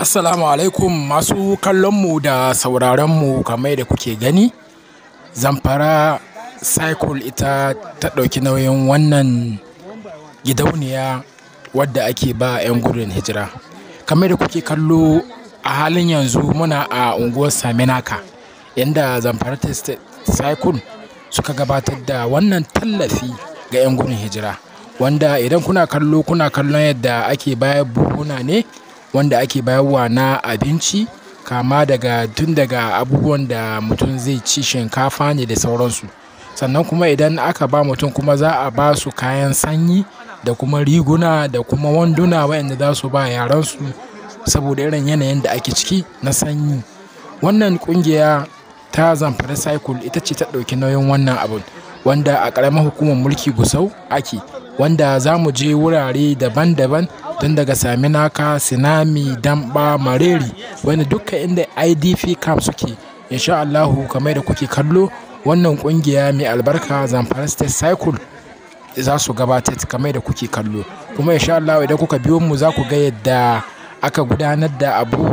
Assalamu alaikum masu kallonmu da sauraronmu kamar da kuke gani. Zamfara Cycle ita ta ɗauki nauyin wannan gidauniya wadda ake ba 'yan gudun hijira. Kamar da kuke kallo a halin yanzu muna a unguwar Saminaka inda Zamfara Cycle suka gabatar da wannan tallafi ga 'yan gudun hijira. Wanda idan kuna kallo kuna kallon yadda ake bayar buhuna ne. wanda ake bayarwa na abinci kama daga tun daga abubuwan da mutum zai ci shinkafa ne da sauransu. Sannan kuma idan aka ba mutum kuma za a ba su kayan sanyi da kuma riguna da kuma wanduna wayanda za su ba su saboda irin yanayin da ake ciki na sanyi. Wannan ƙungiya ta Zamfara Cycle ita ce ta ɗauki nauyin wannan abun wanda a karamar hukumar mulki Gusau ake wanda za mu je wurare daban daban don daga saminaka sinami damba mareri wani duka inda idp camp suke insha allahu kamar da kuke kallo wannan kungiya mai albarka zamfara state cycle za su gabatar kamar da kuke kallo kuma insha allahu idan kuka biyo mu za ku ga yadda aka gudanar da abu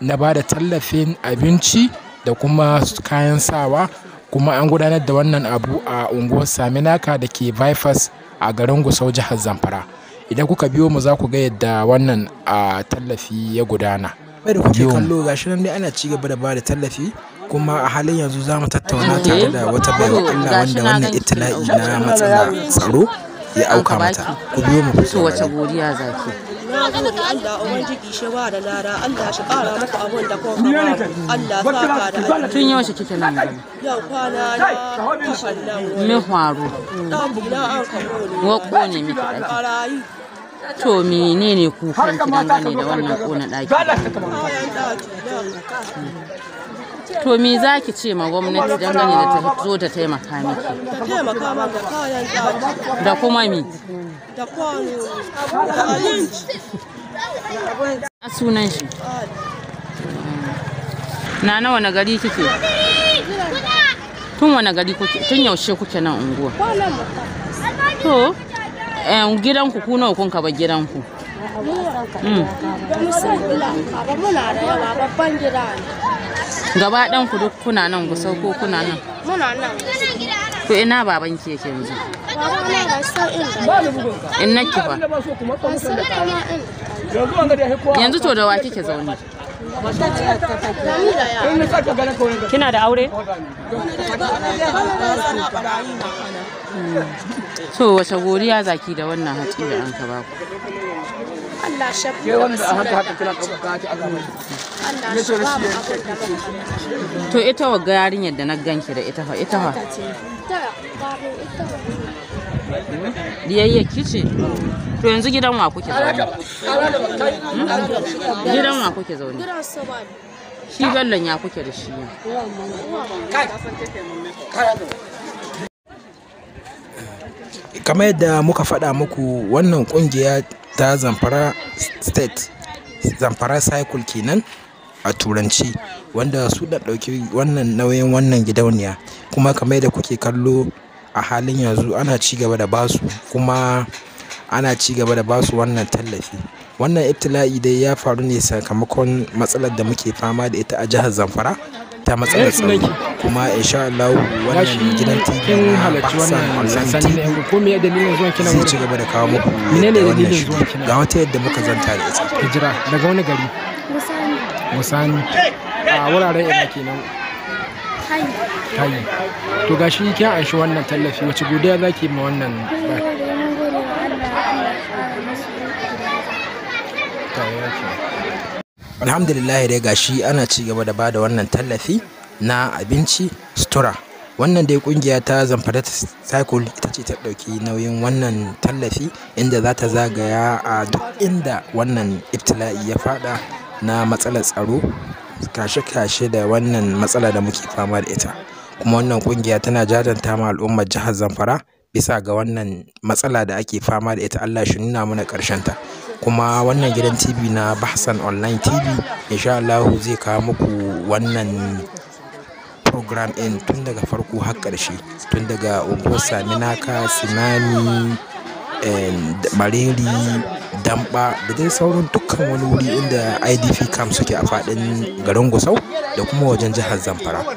na ba da tallafin abinci da kuma kayan sawa kuma an gudanar da wannan abu a unguwar saminaka da ke vifas a garin gusau jihar zamfara idan kuka biyo mu za ku ga yadda wannan a tallafi ya gudana bai da kuke kallo gashi nan dai ana ci gaba da bada tallafi kuma a halin yanzu za mu tattauna tare da wata baiwa Allah wanda wannan itila'i na matsala tsaro ya auka mata ku biyo mu ku wace godiya zaki na gode Allah jiki shi ba da lara Allah shi kara maka abun da kuma Allah sa ka da tun yaushe kike nan gari yau kwana na kafan nan mi dan bina an kawo ne wa kone miki daki to menene kukan ki dangane da wannan kona daki to me za ki ce ma gwamnati don gani da ta zo ta taimaka miki kayan da kuma mi da a sunan shi na nawa na gari kike tun wani gari kuke tun yaushe kuke nan unguwa to gidanku ku nawa kun kaba gidanku Hmm. gaba ɗan ku duk kuna nan ku sauko kuna nan muna nan ku ina baban ke ke yanzu in na ki fa yanzu to da wa kike zaune kina da aure hmm. to wace godiya zaki da wannan hatsi da an ka baku Allah shafi da basira. To ita wa yarinyar da na ganki da ita fa ita fa. Diyayya To yanzu gidan wa kuke zaune? Hmm? Gidan wa kuke zaune? Gidan Shi gallon ya kuke da shi. kamar yadda muka faɗa muku wannan ƙungiya ta zamfara state zamfara cycle kenan a turanci wanda su da ɗauki wannan nauyin wannan gidauniya kuma kamar da kuke kallo a halin yanzu ana ci gaba da basu kuma ana ci gaba da basu wannan tallafi wannan ibtila'i dai ya faru ne sakamakon matsalar da muke fama da ita a jihar zamfara ta matsalar eh, tsaro kuma insha Allah wannan gidan TV na Pakistan Online TV zai ci gaba da kawo muku menene dalilin wannan kina ga wata yadda muka zanta da ita hijira daga wani gari musani musani a wuraren ina kenan tayi to gashi kin anshi wannan tallafi wace godiya zaki ma wannan ba alhamdulillah dai gashi ana ci gaba da bada wannan tallafi na abinci sutura wannan dai kungiya ta zamfara cycle ita ce ta ɗauki nauyin wannan tallafi inda za ta zagaya a duk inda wannan iftila'i ya fada na matsalar tsaro kashe-kashe da wannan matsala da muke fama da ita kuma wannan kungiya tana jajanta ma al'ummar jihar zamfara bisa ga wannan matsala da ake fama da ita allah shi nuna mana ta. kuma wannan gidan TV na Bahsan Online TV insha Allah zai kawo muku wannan program in tun daga farko har ƙarshe tun daga unguwar Saminaka, Sinani, eh, Mareri, Damba da dai sauran dukkan wani wuri inda IDP camp suke a faɗin garin Gusau da kuma wajen jihar Zamfara.